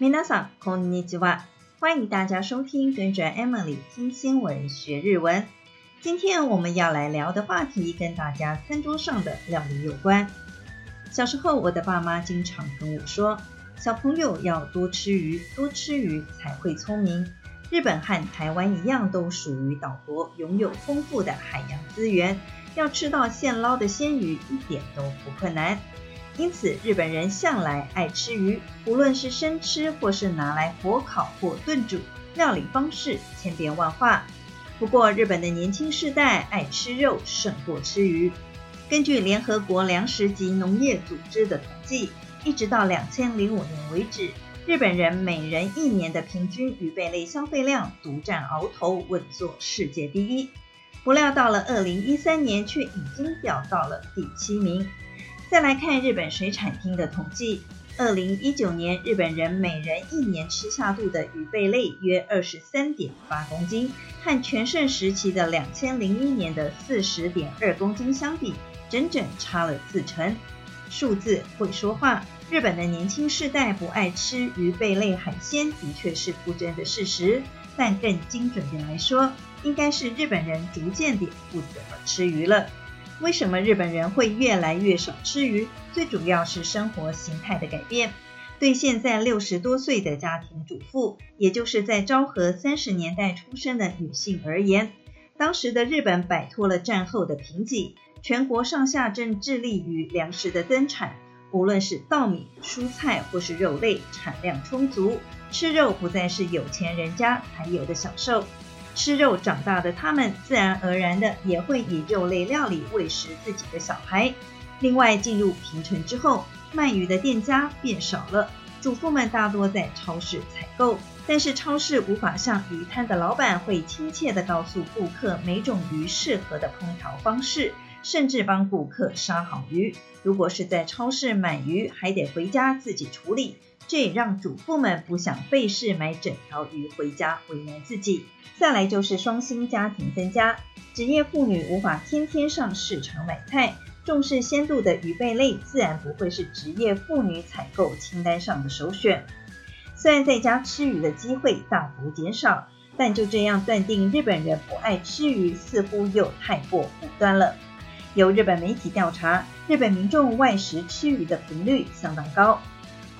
皆さんこんにちは。歡迎大家收聽跟着 Emily 聽新聞學日文。今天我們要來聊的話題跟大家餐桌上的料理有關。小時候，我的爸媽經常跟我說，小朋友要多吃魚，多吃魚才會聰明。日本和台灣一樣，都屬於島國，擁有豐富的海洋資源，要吃到現撈的鮮魚一點都不困難。因此，日本人向來愛吃魚，無論是生吃，或是拿來火烤或燉煮，料理方式千變萬化。不過，日本的年輕世代愛吃肉勝過吃魚。根據聯合國糧食及農業組織的統計，一直到兩千零五年為止，日本人每人一年的平均魚貝類消費量獨占鰲頭，穩坐世界第一。不料，到了二零一三年，卻已經掉到了第七名。再來看日本水產廳的統計，二零一九年日本人每人一年吃下肚的魚貝類約二十三點八公斤，和全盛時期的兩千零一年的四十點二公斤相比，整整差了四成。數字會說話，日本的年輕世代不愛吃魚貝類海鮮的確是不爭的事實，但更精準的來說，應該是日本人逐漸的不怎麼吃魚了。為什麼日本人會越來越少吃魚？最主要是生活形態的改變。對現在六十多歲的家庭主婦，也就是在昭和三十年代出生的女性而言，當時的日本擺脫了戰後的貧瘠，全國上下正致力於糧食的增產。無論是稻米、蔬菜，或是肉類，產量充足，吃肉不再是有錢人家才有的享受。吃肉長大的他們，自然而然的也會以肉類料理餵食自己的小孩。另外，進入平成之後，賣魚的店家變少了，主婦們大多在超市採購。但是，超市無法像魚攤的老板會親切地告訴顧客每種魚適合的烹調方式，甚至幫顧客殺好魚。如果是在超市買魚，還得回家自己處理。這也讓主婦們不想費事買整條魚回家，為難自己。再來就是雙薪家庭增加，職業婦女無法天天上市場買菜，重視鮮度的魚貝類自然不會是職業婦女採購清單上的首選。雖然在家吃魚的機會大幅減少，但就這樣斷定日本人不愛吃魚，似乎又太過武斷了。有日本媒體調查，日本民眾外食吃魚的頻率相當高。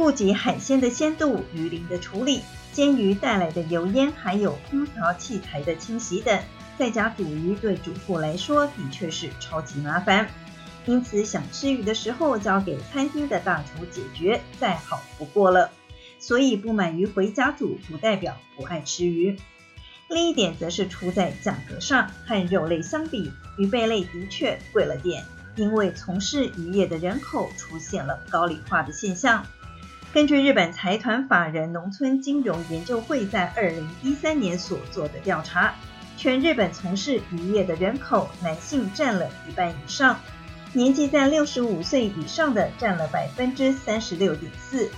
顧及海鮮的鮮度、魚鱗的處理、煎魚帶來的油煙，還有烹調器材的清洗等，在家煮魚對主婦來說的確是超級麻煩。因此，想吃魚的時候，交給餐廳的大廚解決，再好不過了。所以不買魚回家煮，不代表不愛吃魚。另一點則是出在價格上，和肉類相比，魚貝類的確貴了點，因為從事漁業的人口出現了高齡化的現象。根據日本財團法人農村金融研究會在二零一三年所做的調查，全日本從事漁業的人口，男性占了一半以上，年紀在六十五歲以上的占了百分之三十六點四。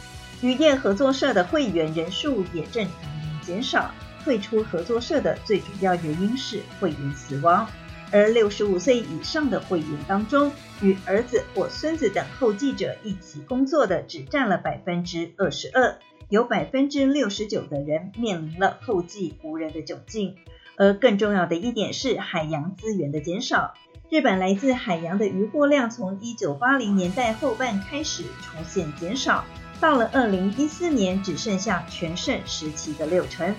漁業合作社的會員人數也正逐年減少，退出合作社的最主要原因是會員死亡。而六十五歲以上的會員當中，與兒子或孫子等後繼者一起工作的只占了百分之二十二，有百分之六十九的人面臨了後繼無人的窘境。而更重要的一點是，海洋資源的減少。日本來自海洋的漁獲量從一九八零年代後半開始出現減少，到了二零一四年只剩下全盛時期的六成。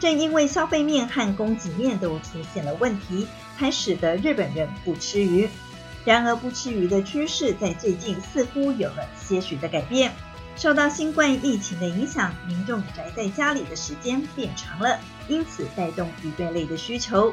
正因為消費面和供給面都出現了問題。才使得日本人不吃魚。然而，不吃魚的趨勢在最近似乎有了些許的改變。受到新冠疫情的影響，民眾宅在家裡的時間變長了，因此帶動魚類的需求。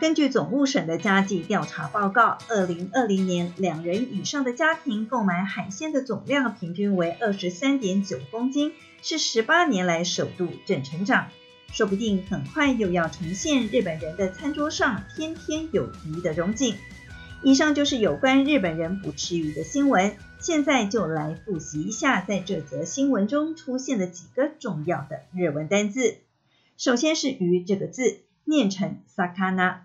根據總務省的家計調查報告，2020年兩人以上的家庭購買海鮮的總量平均為23.9公斤，是18年來首度正成長。說不定很快又要重現日本人的餐桌上天天有魚的榮景。以上就是有關日本人不吃魚的新聞。現在就來複習一下在這則新聞中出現的幾個重要的日文單字。首先是“魚”這個字，念成 “sakana”。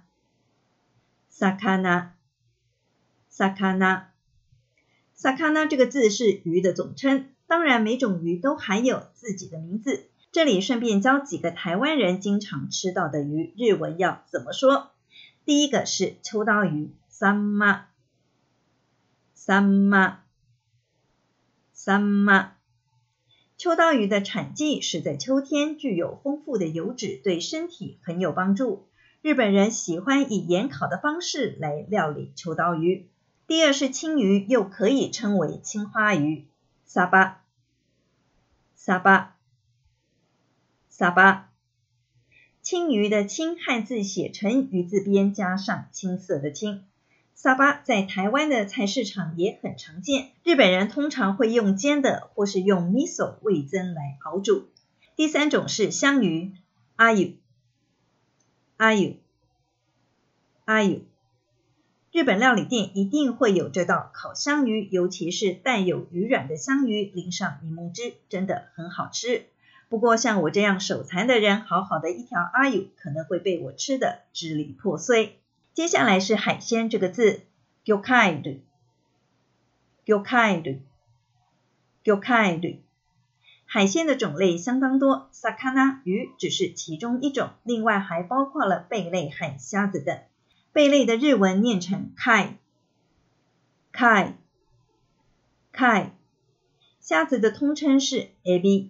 sakana，sakana，sakana 這個字是魚的總稱，當然每種魚都含有自己的名字。這裡順便教幾個台灣人經常吃到的魚，日文要怎麼說？第一個是秋刀魚，さんま，さんま，さんま，秋刀魚的產季是在秋天，具有豐富的油脂，對身體很有幫助。日本人喜歡以鹽烤的方式來料理秋刀魚。第二是鯖魚，又可以稱為青花魚，さば，さば。Saba 青魚的青漢字寫成魚字邊加上青色的青。Saba 在台灣的菜市場也很常見，日本人通常會用煎的或是用 miso 味增來熬煮。第三種是香魚，Ayu、Ayu、Ayu。日本料理店一定會有這道烤香魚，尤其是帶有魚卵的香魚，淋上檸檬汁，真的很好吃。不過像我這樣手殘的人，好好的一條あゆ可能會被我吃得支離破碎。接下來是海鮮這個字，gyokairui，gyokairui，gyokairui。海鮮的種類相當多，サカナ魚只是其中一種，另外還包括了貝類、和蝦子等。貝類的日文念成 kai，kai，kai。蝦子的通稱是 ebi。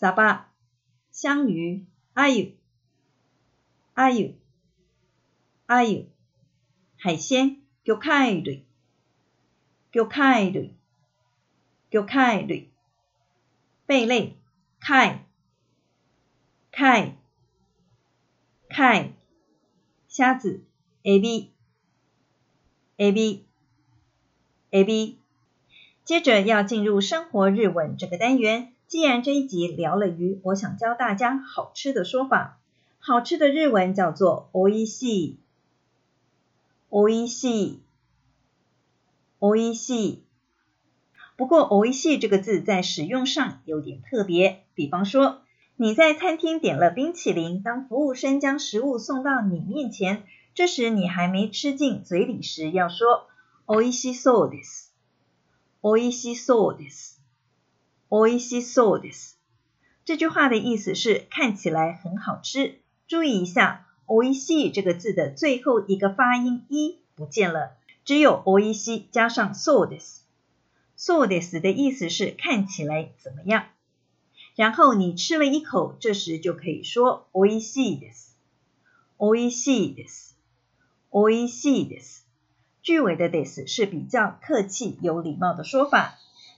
沙巴、香魚、阿尤、阿尤、阿尤、海鮮、腳凱類、腳凱類、腳凱類、貝類、凱、凱、凱、蝦子、ab、ab、ab。接着要進入生活日文這個單元。既然這一集聊了魚，我想教大家好吃的說法。好吃的日文叫做おいしい、おいしい、おいしい。不過おいしい這個字在使用上有點特別，比方說你在餐廳點了冰淇淋，當服務生將食物送到你面前，這時你還沒吃進嘴裡時，要說おいしそうです、おいしそうです。おいしそうです，這句話的意思是看起來很好吃。注意一下おいしい這個字的最後一個發音一不見了，只有おいしい加上そうです。そうです的意思是看起來怎麼樣？然後你吃了一口，這時就可以說おいしいです。おいしいです。おいしいです。句尾的です是比較客氣有禮貌的說法。